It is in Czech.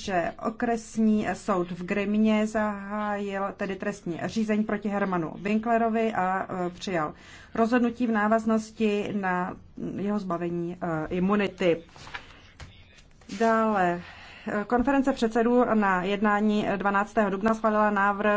že okresní soud v Grimně zahájil tedy trestní řízení proti Hermanu Winklerovi a e, přijal rozhodnutí v návaznosti na jeho zbavení e, imunity. Dále e, konference předsedů na jednání 12. dubna schválila návrh